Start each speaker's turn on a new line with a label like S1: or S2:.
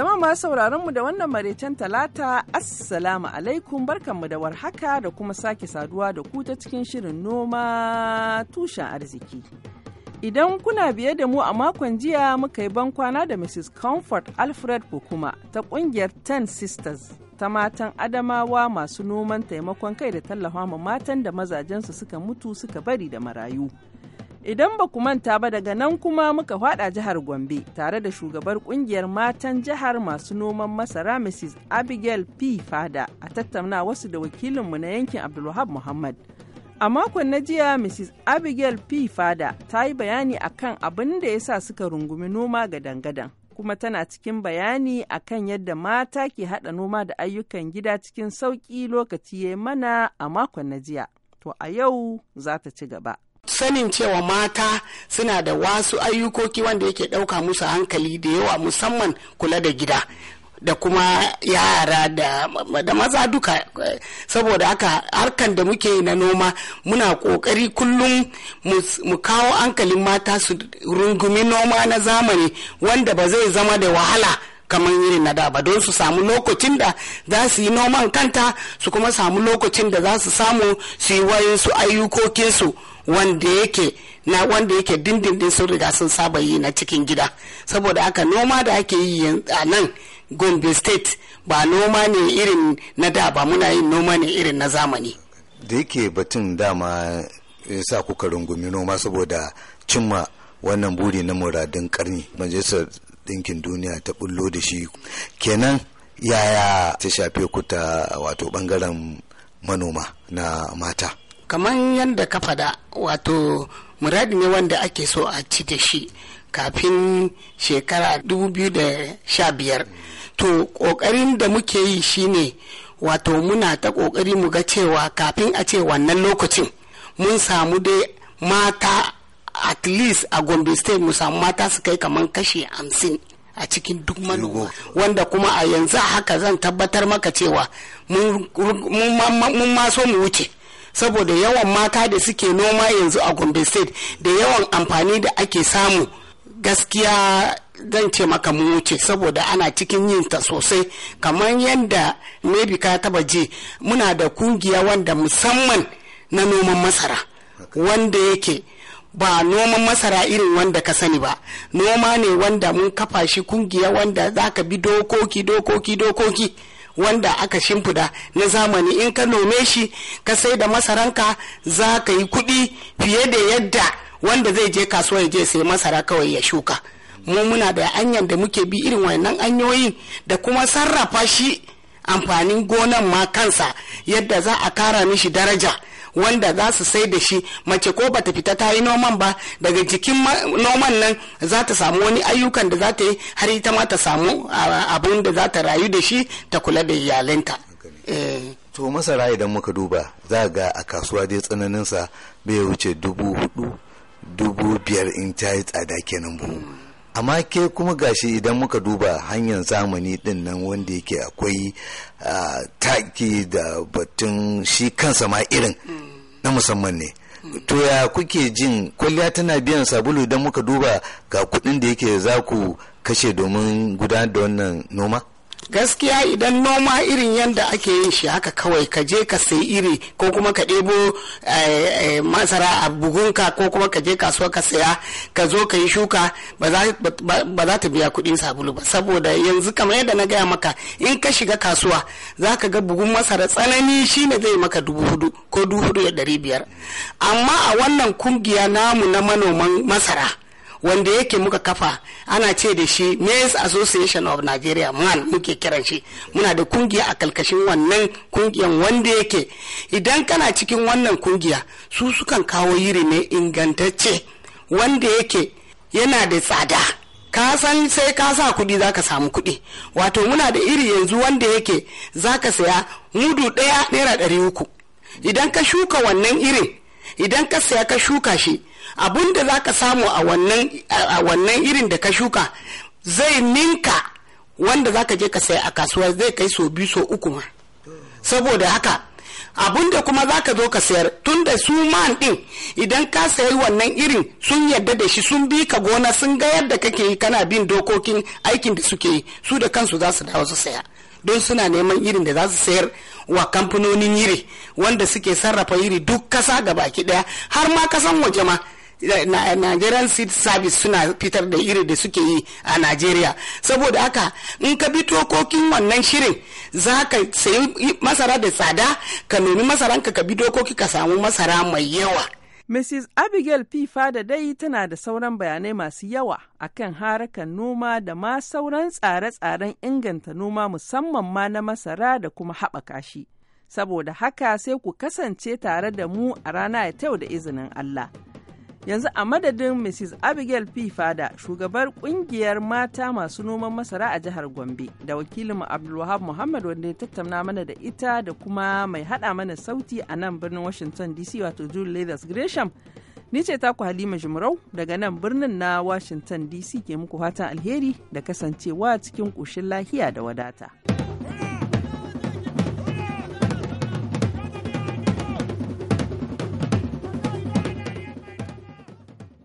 S1: zama ma sauraron mu da wannan maraicen talata Assalamu alaikum barkanmu da warhaka da kuma sake saduwa da ku ta cikin shirin noma tushen arziki. Idan kuna biye da mu a makon jiya muka yi bankwana da Mrs. Comfort Alfred kuma ta kungiyar Ten Sisters ta matan Adamawa masu noman taimakon kai da tallafa ma matan da mazajensu suka mutu suka bari da marayu. Idan ba ku manta ba daga nan kuma muka hada jihar Gombe tare da shugabar kungiyar matan jihar masu noman masara Mrs. Abigail P. Fada a tattauna wasu da wakilinmu na yankin Abdulwahab Muhammad. A makon na jiya Mrs. Abigail P. Fada ta yi bayani akan abin da ya sa suka rungumi noma ga dangadan. kuma tana cikin bayani akan yadda mata ke haɗa noma da ayyukan gida cikin sauƙi lokaci ya mana a makon na jiya. To a yau za ta ci gaba. sanin cewa mata
S2: suna da wasu ayyukoki wanda yake ɗauka musu hankali da yawa musamman kula da gida da kuma yara da, maza duka saboda haka harkan da muke na noma muna kokari kullum mu kawo hankalin mata su rungumi noma na zamani wanda ba zai zama da wahala kamar irin na da ba don su samu lokacin da za su yi noman kanta su kuma samu lokacin da za su samu su yi wayansu ayyukokinsu wanda yake na wanda yake dindindin sun riga sun saba yi na cikin gida saboda haka noma da ake yi a nan
S3: gombe state
S2: ba noma ne irin na da ba muna yin noma ne irin na zamani
S3: da yake batun dama sa kuka rungumi noma saboda cimma wannan buri na muradin karni majalisar ɗinkin duniya ta bullo da shi kenan yaya ta shafe ku ta wato bangaren manoma na mata
S2: kamar yadda ka faɗa wato muradi ne wanda ake so a ci da shi kafin shekara 2015 to ƙoƙarin da muke yi shine wato muna ta kokari mu ga cewa kafin a ce wannan lokacin mun samu dai mata at least a gombe state mu samu mata su kai kamar kashi hamsin a cikin duk manoma wanda kuma a yanzu haka zan tabbatar maka cewa mun ma so mu wuce saboda yawan mata da suke noma yanzu a gombe state da yawan amfani da ake samu gaskiya zan ce maka mu wuce saboda ana cikin yin ta sosai kamar yadda maybe ka taba je muna da kungiya wanda musamman na noman masara wanda yake ba noman masara irin wanda ka sani ba noma ne wanda mun kafa shi kungiya wanda za ka bi dokoki dokoki dokoki wanda aka shimfida na zamani in ka nome shi ka sai da masaranka za ka yi kuɗi fiye da yadda wanda zai je kasuwa ya je sai masara kawai ya shuka mu muna da anyan da muke bi irin wannan anyoyi da kuma sarrafa shi amfanin gonan ma kansa yadda za a kara mishi daraja wanda za su sai da shi mace ko bata fita ta yi noman ba daga jikin noman nan za ta samu wani ayyukan da za ta yi har ita ma ta samu abin da za ta rayu da shi ta kula da iyalinta.
S3: Eh. to masara idan muka duba za ga a kasuwa dai tsananinsa bai wuce dubu hudu dubu biyar in ta yi tsada kenan buhu amma ke kuma gashi idan muka duba hanyar zamani din nan wanda yake akwai taki da batun shi kansa ma irin na musamman ne to ya kuke jin kwalliya tana biyan sabulu idan muka duba ga kuɗin da yake za ku kashe domin gudanar da wannan noma gaskiya idan noma irin yadda ake yin shi haka kawai ka je ka sai
S2: iri ko kuma ka ɗebo eh, eh, masara a bugunka ko kuma ka je kasuwa ka saya ka zo ka yi shuka ba za ta biya kuɗin sabulu ba saboda yanzu kamar yadda na gaya maka in ka shiga kasuwa za ka ga bugun masara tsanani shine zai maka dubu hudu ko dubu hudu da ɗari biyar amma a wannan kungiya namu na manoman masara wanda yake muka kafa ana ce da shi maize association of nigeria man muke kiran shi muna da kungiya a kalkashin wannan kungiyan wanda yake idan kana cikin wannan kungiya su sukan kawo yiri ne ingantacce wanda yake yana da tsada ka san sai ka sa kuɗi za ka samu kuɗi wato muna da iri yanzu wanda yake za ka saya mudu ɗaya naira ɗari uku idan ka shuka wannan irin idan ka saya ka shuka shi abun da za ka samu a wannan irin da ka shuka zai ninka wanda za ka je ka saya a kasuwa zai kai so biyu so uku ma saboda haka abun da kuma za ka zo ka sayar tun da su man ɗin idan ka sayi wannan irin sun yadda da shi sun bi ka gona sun ga yadda kake yi kana bin dokokin aikin da suke yi su da kansu za su dawo su saya don suna neman irin da za su sayar wa kamfanonin yiri wanda suke sarrafa iri duk kasa ga baki ɗaya har ma kasan waje ma Nigerian Seed Service suna fitar da iri da suke yi a Najeriya. Saboda haka in ka bi dokokin wannan shirin za ka sayi masara da tsada ka nomi masaranka ka bi dokoki ka samu masara mai yawa.
S1: Mrs. Abigail P. da dai tana da sauran bayanai masu yawa akan harakan noma da ma sauran tsare-tsaren inganta noma musamman ma na masara da kuma haɓaka shi. Saboda haka sai ku kasance tare da mu a rana ya da izinin Allah. yanzu a madadin mrs abigail p fada shugabar kungiyar mata masu noman masara a jihar gombe da wakilin abdulwahab muhammad wanda ya tattauna mana da ita da kuma mai hada mana sauti a nan birnin washington dc wato julie leathers gresham ni ce taku halima jimarau daga nan birnin na washington dc ke muku fatan alheri da kasancewa cikin ƙoshin lahiya da wadata